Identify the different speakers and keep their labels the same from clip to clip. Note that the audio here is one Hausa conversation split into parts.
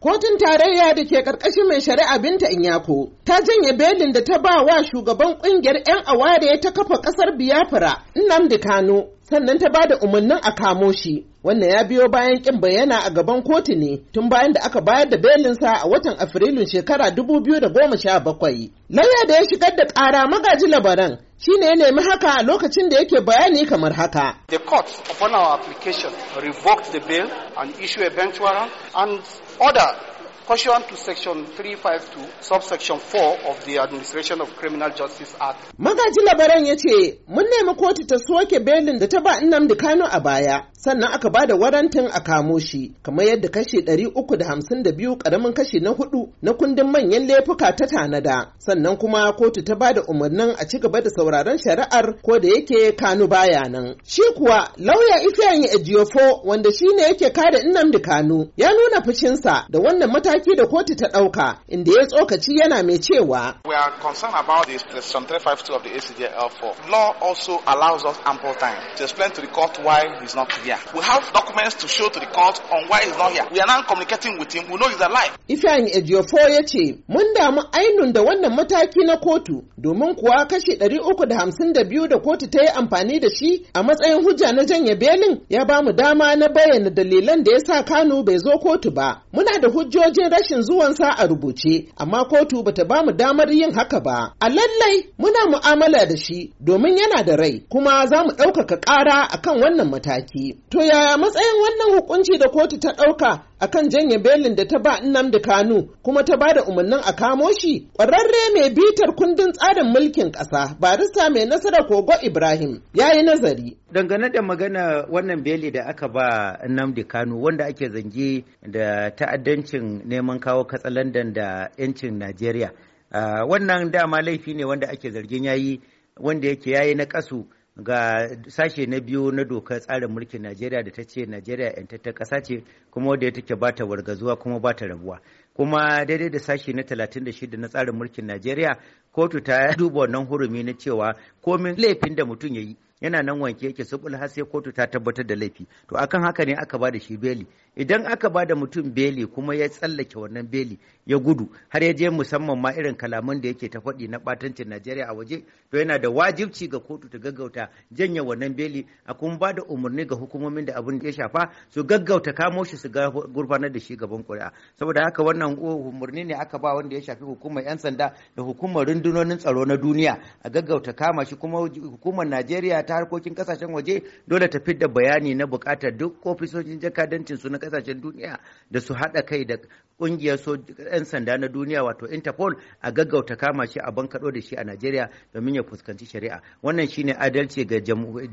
Speaker 1: Kotun tarayya da ke ƙarƙashin mai shari'a Binta Inyako ta janye belin da ta ba wa shugaban ƙungiyar 'yan aware ta kafa ƙasar Biafra Nnamdi Kano sannan ta ba da umarnin a kamo shi. Wannan ya biyo bayan ƙin bayyana a gaban kotu ne tun bayan da aka bayar da belin sa a watan Afrilun shekara 2017. Lauya da ya shigar da ƙara magaji labaran shi ne ya nemi haka lokacin da yake bayani kamar haka. The court upon our application revoked the bail and issue a bench warrant and order pursuant to section 352 subsection 4 of the Administration of Criminal
Speaker 2: Justice Act.
Speaker 1: Magaji labaran ya ce mun nemi kotu ta soke belin da ta ba Nnamdi Kano a baya sannan aka ba da warantin a kamo shi kamar yadda kashi 352 karamin kashi na hudu na kundin manyan laifuka ta tanada sannan kuma kotu ta ba da umarnin a ci gaba da sauraron shari'ar ko da yake kanu baya nan shi kuwa lauya ifeanyi ejiofo wanda shi ne yake kare nnamdi kanu ya nuna fushinsa da wannan mataki da kotu ta ɗauka inda ya tsokaci yana mai cewa we are concerned about this section 352 of the ACJL4 law also allows us ample time to explain to the court why he's not here. here. We have documents to show to the court on why he's not here. We are now communicating with him. We know he's alive. Ifeanyi Ejiofor ya ce, Mun damu ainun da wannan mataki na kotu domin kuwa kashi 352 da kotu ta yi amfani da shi a matsayin hujja na janye belin ya ba mu dama na bayyana dalilan da ya sa Kano bai zo kotu ba. Muna da hujjojin rashin zuwansa a rubuce, amma kotu bata ba mu damar yin haka ba. A lallai muna mu'amala da shi domin yana da rai kuma za mu ɗaukaka ƙara akan wannan mataki. To yaya matsayin wannan hukunci da kotu ta ɗauka akan janye belin da ta ba Nnamdi Kanu kuma ta bada umarnin a kamo shi? Ƙwararre mai bitar kundin tsarin mulkin ƙasa barista mai nasara Kogo Ibrahim ya yi nazari.
Speaker 2: Dangane da magana wannan beli da aka ba Nnamdi Kanu wanda ake zangi da ta'addancin neman kawo katsalandan da 'yancin Najeriya. wannan dama laifi ne wanda ake zargin yayi wanda yake yayi na kasu ga sashe na biyu na dokar tsarin mulkin najeriya da ta ce najeriya 'yantattar ƙasa ce kuma wadda take ba ta wargazuwa kuma ba ta rabuwa kuma daidai da sashe na 36 na tsarin mulkin najeriya kotu ta duba wannan hurumi na cewa komin laifin da mutum ya yi yana nan wanke yake subul har sai kotu ta tabbatar da laifi to akan haka ne aka bada shi beli idan aka bada mutum beli kuma ya tsallake wannan beli ya gudu har ya je musamman ma irin kalaman da yake ta faɗi na batancin Najeriya a waje to yana da wajibci ga kotu ta gaggauta janye wannan beli a kuma bada umarni ga hukumomin da abin ya shafa su gaggauta kamo shi su gurfanar da shi gaban kuri'a saboda haka wannan umarni ne aka ba wanda ya shafi hukumar 'yan sanda da hukumar rundunonin tsaro na duniya a gaggauta kama shi kuma hukumar Najeriya ta harkokin kasashen waje dole ta fi da bayani na bukatar duk ofisoshin jakadancin su na kasashen duniya da su haɗa kai da ƙungiyar 'yan sanda na duniya wato interpol a gaggauta kama shi a bankaɗo da shi a najeriya domin ya fuskanci shari'a wannan shine adalci ga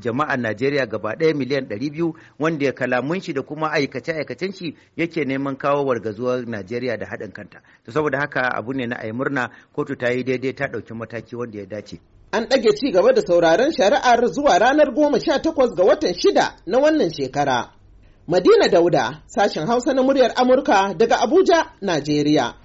Speaker 2: jama'ar najeriya gaba ɗaya miliyan ɗari biyu, wanda ya kalamun shi da kuma aikace aikacen shi yake neman kawo wargazuwar najeriya da haɗin kanta to saboda haka abu ne na ayi murna kotu ta yi daidai ta ɗauki mataki wanda ya dace
Speaker 1: an ɗage ci gaba da sauraron shari'ar zuwa ranar goma sha takwas ga watan shida na wannan shekara. Madina Dauda, sashen Hausa na muryar Amurka daga Abuja, Najeriya.